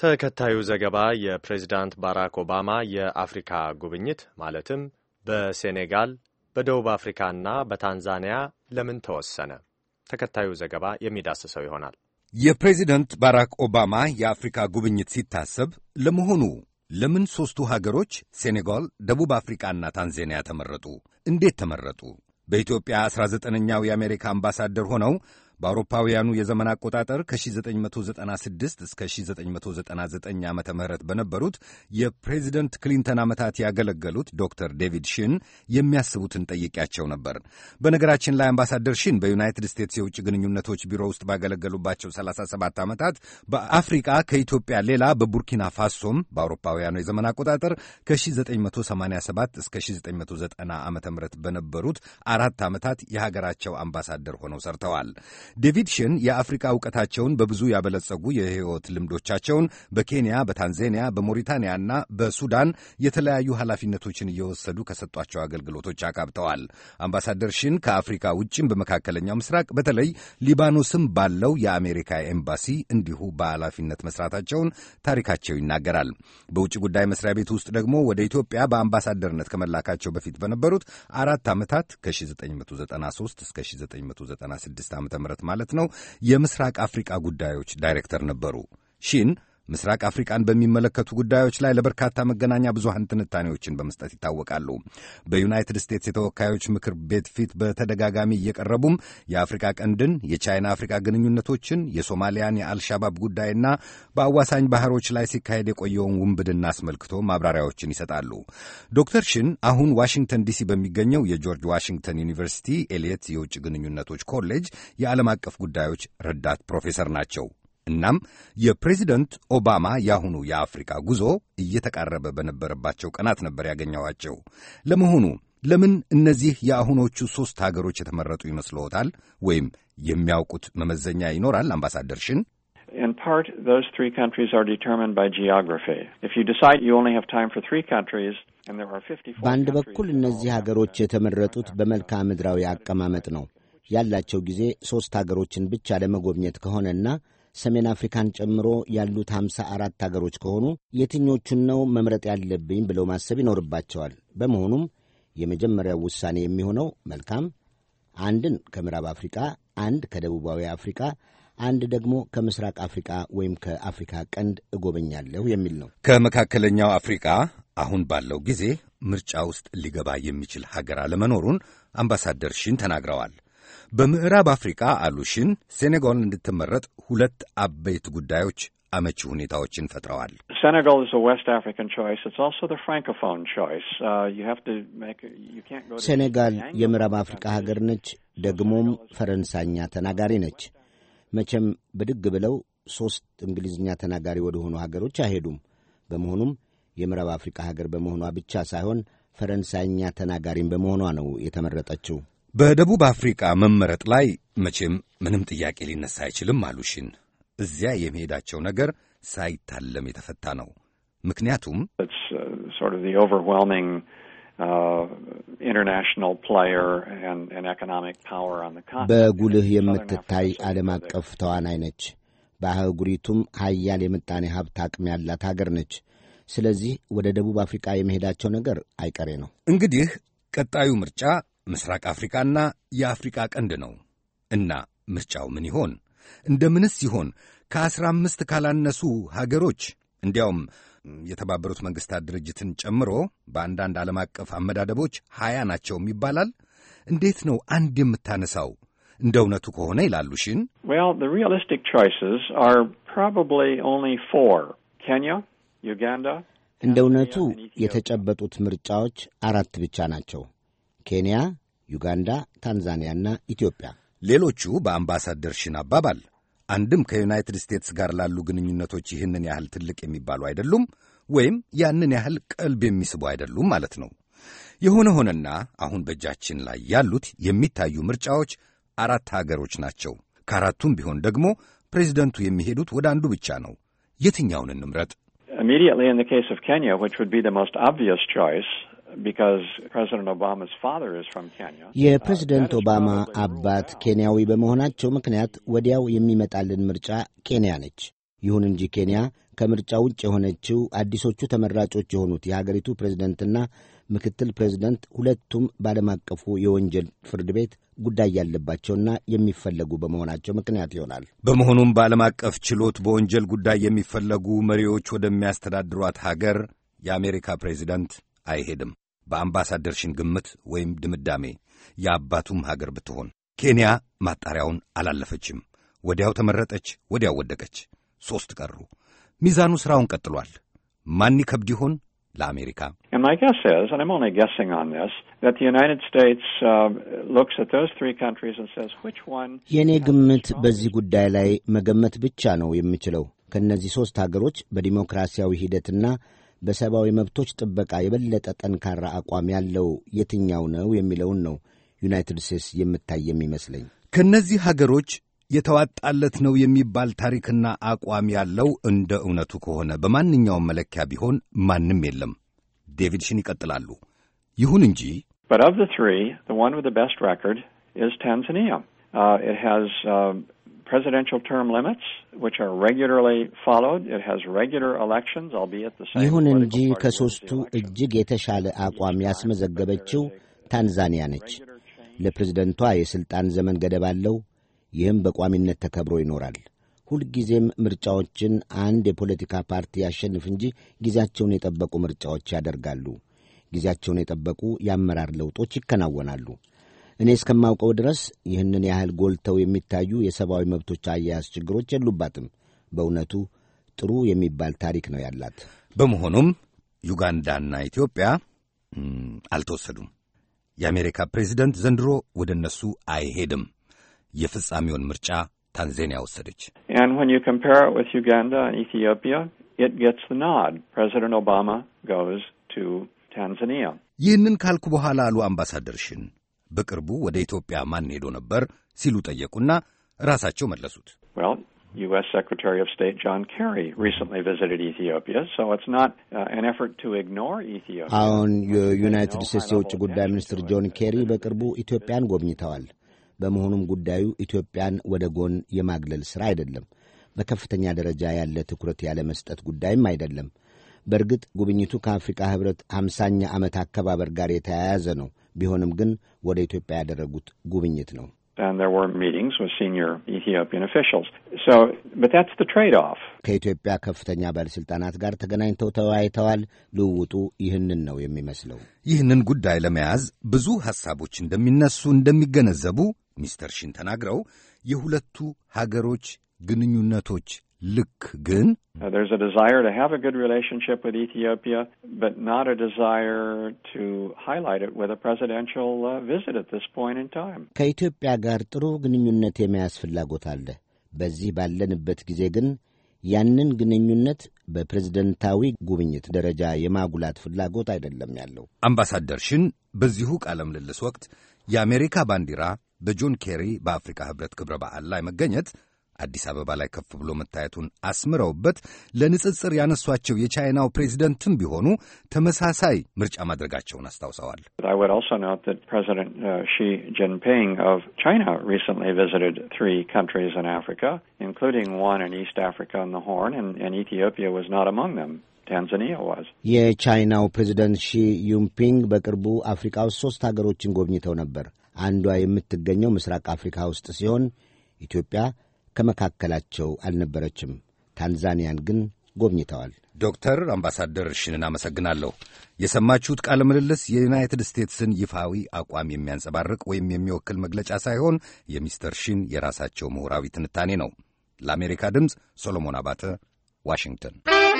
ተከታዩ ዘገባ የፕሬዚዳንት ባራክ ኦባማ የአፍሪካ ጉብኝት ማለትም በሴኔጋል በደቡብ አፍሪካና በታንዛኒያ ለምን ተወሰነ? ተከታዩ ዘገባ የሚዳስሰው ይሆናል። የፕሬዚደንት ባራክ ኦባማ የአፍሪካ ጉብኝት ሲታሰብ ለመሆኑ ለምን ሦስቱ ሀገሮች ሴኔጋል፣ ደቡብ አፍሪካና ታንዛኒያ ተመረጡ? እንዴት ተመረጡ? በኢትዮጵያ 19ኛው የአሜሪካ አምባሳደር ሆነው በአውሮፓውያኑ የዘመን አቆጣጠር ከ1996 እስከ 1999 ዓ ም በነበሩት የፕሬዚደንት ክሊንተን ዓመታት ያገለገሉት ዶክተር ዴቪድ ሽን የሚያስቡትን ጠይቄያቸው ነበር። በነገራችን ላይ አምባሳደር ሽን በዩናይትድ ስቴትስ የውጭ ግንኙነቶች ቢሮ ውስጥ ባገለገሉባቸው 37 ዓመታት በአፍሪቃ ከኢትዮጵያ ሌላ በቡርኪና ፋሶም በአውሮፓውያኑ የዘመን አቆጣጠር ከ1987 እስከ 1990 ዓ ም በነበሩት አራት ዓመታት የሀገራቸው አምባሳደር ሆነው ሰርተዋል። ዴቪድ ሽን የአፍሪካ እውቀታቸውን በብዙ ያበለጸጉ የህይወት ልምዶቻቸውን በኬንያ፣ በታንዛኒያ፣ በሞሪታንያና በሱዳን የተለያዩ ኃላፊነቶችን እየወሰዱ ከሰጧቸው አገልግሎቶች አካብተዋል። አምባሳደር ሽን ከአፍሪካ ውጭም በመካከለኛው ምስራቅ በተለይ ሊባኖስም ባለው የአሜሪካ ኤምባሲ እንዲሁ በኃላፊነት መስራታቸውን ታሪካቸው ይናገራል። በውጭ ጉዳይ መስሪያ ቤት ውስጥ ደግሞ ወደ ኢትዮጵያ በአምባሳደርነት ከመላካቸው በፊት በነበሩት አራት ዓመታት ከ1993 እስከ 1996 ዓ ም ማለት ነው የምስራቅ አፍሪቃ ጉዳዮች ዳይሬክተር ነበሩ ሺን ምስራቅ አፍሪቃን በሚመለከቱ ጉዳዮች ላይ ለበርካታ መገናኛ ብዙሃን ትንታኔዎችን በመስጠት ይታወቃሉ። በዩናይትድ ስቴትስ የተወካዮች ምክር ቤት ፊት በተደጋጋሚ እየቀረቡም የአፍሪካ ቀንድን፣ የቻይና አፍሪካ ግንኙነቶችን፣ የሶማሊያን የአልሻባብ ጉዳይና በአዋሳኝ ባህሮች ላይ ሲካሄድ የቆየውን ውንብድና አስመልክቶ ማብራሪያዎችን ይሰጣሉ። ዶክተር ሽን አሁን ዋሽንግተን ዲሲ በሚገኘው የጆርጅ ዋሽንግተን ዩኒቨርሲቲ ኤልየት የውጭ ግንኙነቶች ኮሌጅ የዓለም አቀፍ ጉዳዮች ረዳት ፕሮፌሰር ናቸው። እናም የፕሬዚደንት ኦባማ ያሁኑ የአፍሪካ ጉዞ እየተቃረበ በነበረባቸው ቀናት ነበር ያገኘኋቸው። ለመሆኑ ለምን እነዚህ የአሁኖቹ ሦስት ሀገሮች የተመረጡ ይመስልዎታል? ወይም የሚያውቁት መመዘኛ ይኖራል? አምባሳደር ሽን በአንድ በኩል እነዚህ ሀገሮች የተመረጡት በመልክዓ ምድራዊ አቀማመጥ ነው። ያላቸው ጊዜ ሦስት ሀገሮችን ብቻ ለመጎብኘት ከሆነና ሰሜን አፍሪካን ጨምሮ ያሉት ሀምሳ አራት ሀገሮች ከሆኑ የትኞቹን ነው መምረጥ ያለብኝ ብለው ማሰብ ይኖርባቸዋል። በመሆኑም የመጀመሪያው ውሳኔ የሚሆነው መልካም አንድን ከምዕራብ አፍሪካ፣ አንድ ከደቡባዊ አፍሪካ አንድ ደግሞ ከምስራቅ አፍሪቃ ወይም ከአፍሪካ ቀንድ እጎበኛለሁ የሚል ነው። ከመካከለኛው አፍሪቃ አሁን ባለው ጊዜ ምርጫ ውስጥ ሊገባ የሚችል ሀገር አለመኖሩን አምባሳደር ሺን ተናግረዋል። በምዕራብ አፍሪካ አሉሽን ሴኔጋል እንድትመረጥ ሁለት አበይት ጉዳዮች አመቺ ሁኔታዎችን ፈጥረዋል። ሴኔጋል uh, የምዕራብ አፍሪካ ሀገር ነች፣ ደግሞም ፈረንሳይኛ ተናጋሪ ነች። መቼም ብድግ ብለው ሦስት እንግሊዝኛ ተናጋሪ ወደሆኑ ሀገሮች አይሄዱም። በመሆኑም የምዕራብ አፍሪካ ሀገር በመሆኗ ብቻ ሳይሆን ፈረንሳይኛ ተናጋሪም በመሆኗ ነው የተመረጠችው። በደቡብ አፍሪቃ መመረጥ ላይ መቼም ምንም ጥያቄ ሊነሳ አይችልም አሉ ሺን። እዚያ የመሄዳቸው ነገር ሳይታለም የተፈታ ነው። ምክንያቱም uh, uh, በጉልህ የምትታይ ዓለም አቀፍ ተዋናይ ነች። በአህጉሪቱም ሀያል የምጣኔ ሀብት አቅም ያላት ሀገር ነች። ስለዚህ ወደ ደቡብ አፍሪቃ የመሄዳቸው ነገር አይቀሬ ነው። እንግዲህ ቀጣዩ ምርጫ ምስራቅ አፍሪካና የአፍሪቃ ቀንድ ነው እና ምርጫው ምን ይሆን? እንደምንስ ይሆን ከአስራ አምስት ካላነሱ ሀገሮች እንዲያውም የተባበሩት መንግሥታት ድርጅትን ጨምሮ በአንዳንድ ዓለም አቀፍ አመዳደቦች ሀያ ናቸውም ይባላል። እንዴት ነው አንድ የምታነሳው እንደ እውነቱ ከሆነ ይላሉ ሽን እንደ እውነቱ የተጨበጡት ምርጫዎች አራት ብቻ ናቸው። ኬንያ፣ ዩጋንዳ፣ ታንዛኒያና ኢትዮጵያ። ሌሎቹ በአምባሳደር ሽን አባባል አንድም ከዩናይትድ ስቴትስ ጋር ላሉ ግንኙነቶች ይህንን ያህል ትልቅ የሚባሉ አይደሉም ወይም ያንን ያህል ቀልብ የሚስቡ አይደሉም ማለት ነው። የሆነ ሆነና አሁን በእጃችን ላይ ያሉት የሚታዩ ምርጫዎች አራት ሀገሮች ናቸው። ከአራቱም ቢሆን ደግሞ ፕሬዚደንቱ የሚሄዱት ወደ አንዱ ብቻ ነው። የትኛውን እንምረጥ? Uh, የፕሬዝደንት ኦባማ አባት ኬንያዊ በመሆናቸው ምክንያት ወዲያው የሚመጣልን ምርጫ ኬንያ ነች። ይሁን እንጂ ኬንያ ከምርጫ ውጭ የሆነችው አዲሶቹ ተመራጮች የሆኑት የሀገሪቱ ፕሬዝደንትና ምክትል ፕሬዝደንት ሁለቱም በዓለም አቀፉ የወንጀል ፍርድ ቤት ጉዳይ ያለባቸውና የሚፈለጉ በመሆናቸው ምክንያት ይሆናል። በመሆኑም በዓለም አቀፍ ችሎት በወንጀል ጉዳይ የሚፈለጉ መሪዎች ወደሚያስተዳድሯት ሀገር የአሜሪካ ፕሬዝደንት አይሄድም። በአምባሳደርሽን ግምት ወይም ድምዳሜ የአባቱም ሀገር ብትሆን ኬንያ ማጣሪያውን አላለፈችም። ወዲያው ተመረጠች፣ ወዲያው ወደቀች። ሦስት ቀሩ። ሚዛኑ ሥራውን ቀጥሏል። ማን ይከብድ ይሆን ለአሜሪካ? Um, የእኔ ግምት በዚህ ጉዳይ ላይ መገመት ብቻ ነው የምችለው። ከእነዚህ ሦስት አገሮች በዲሞክራሲያዊ ሂደትና በሰብአዊ መብቶች ጥበቃ የበለጠ ጠንካራ አቋም ያለው የትኛው ነው የሚለውን ነው ዩናይትድ ስቴትስ የምታይ የሚመስለኝ። ከእነዚህ ሀገሮች የተዋጣለት ነው የሚባል ታሪክና አቋም ያለው እንደ እውነቱ ከሆነ በማንኛውም መለኪያ ቢሆን ማንም የለም። ዴቪድ ሽን ይቀጥላሉ። ይሁን እንጂ ታንዛኒያ presidential term limits, which are regularly followed. It has regular elections, albeit the same. ይሁን እንጂ ከሦስቱ እጅግ የተሻለ አቋም ያስመዘገበችው ታንዛኒያ ነች። ለፕሬዝደንቷ የሥልጣን ዘመን ገደብ አለው። ይህም በቋሚነት ተከብሮ ይኖራል። ሁልጊዜም ምርጫዎችን አንድ የፖለቲካ ፓርቲ ያሸንፍ እንጂ ጊዜያቸውን የጠበቁ ምርጫዎች ያደርጋሉ። ጊዜያቸውን የጠበቁ የአመራር ለውጦች ይከናወናሉ። እኔ እስከማውቀው ድረስ ይህንን ያህል ጎልተው የሚታዩ የሰብአዊ መብቶች አያያዝ ችግሮች የሉባትም። በእውነቱ ጥሩ የሚባል ታሪክ ነው ያላት። በመሆኑም ዩጋንዳና ኢትዮጵያ አልተወሰዱም። የአሜሪካ ፕሬዚደንት ዘንድሮ ወደ እነሱ አይሄድም። የፍጻሜውን ምርጫ ታንዛኒያ ወሰደች። ይህንን ካልኩ በኋላ አሉ አምባሳደር ሽን በቅርቡ ወደ ኢትዮጵያ ማን ሄዶ ነበር ሲሉ ጠየቁና ራሳቸው መለሱት። U.S. Secretary of State John Kerry recently visited Ethiopia, so it's uh, አሁን የዩናይትድ ስቴትስ የውጭ ጉዳይ ሚኒስትር ጆን ኬሪ በቅርቡ ኢትዮጵያን ጎብኝተዋል። በመሆኑም ጉዳዩ ኢትዮጵያን ወደ ጎን የማግለል ሥራ አይደለም። በከፍተኛ ደረጃ ያለ ትኩረት ያለ መስጠት ጉዳይም አይደለም። በእርግጥ ጉብኝቱ ከአፍሪካ ኅብረት አምሳኛ ዓመት አከባበር ጋር የተያያዘ ነው። ቢሆንም ግን ወደ ኢትዮጵያ ያደረጉት ጉብኝት ነው። ከኢትዮጵያ ከፍተኛ ባለሥልጣናት ጋር ተገናኝተው ተወያይተዋል። ልውውጡ ይህንን ነው የሚመስለው። ይህንን ጉዳይ ለመያዝ ብዙ ሐሳቦች እንደሚነሱ እንደሚገነዘቡ ሚስተር ሺን ተናግረው የሁለቱ ሀገሮች ግንኙነቶች ልክ ግን ከኢትዮጵያ ጋር ጥሩ ግንኙነት የመያዝ ፍላጎት አለ። በዚህ ባለንበት ጊዜ ግን ያንን ግንኙነት በፕሬዝደንታዊ ጉብኝት ደረጃ የማጉላት ፍላጎት አይደለም ያለው። አምባሳደር ሽን በዚሁ ቃለ ምልልስ ወቅት የአሜሪካ ባንዲራ በጆን ኬሪ በአፍሪካ ኅብረት ክብረ በዓል ላይ መገኘት አዲስ አበባ ላይ ከፍ ብሎ መታየቱን አስምረውበት ለንጽጽር ያነሷቸው የቻይናው ፕሬዚደንትም ቢሆኑ ተመሳሳይ ምርጫ ማድረጋቸውን አስታውሰዋል። uh, የቻይናው ፕሬዚደንት ሺ ዩምፒንግ በቅርቡ አፍሪካ ውስጥ ሦስት ሀገሮችን ጎብኝተው ነበር። አንዷ የምትገኘው ምስራቅ አፍሪካ ውስጥ ሲሆን ኢትዮጵያ ከመካከላቸው አልነበረችም። ታንዛኒያን ግን ጎብኝተዋል። ዶክተር አምባሳደር ሽንን አመሰግናለሁ። የሰማችሁት ቃለ ምልልስ የዩናይትድ ስቴትስን ይፋዊ አቋም የሚያንጸባርቅ ወይም የሚወክል መግለጫ ሳይሆን የሚስተር ሽን የራሳቸው ምሁራዊ ትንታኔ ነው። ለአሜሪካ ድምፅ ሶሎሞን አባተ ዋሽንግተን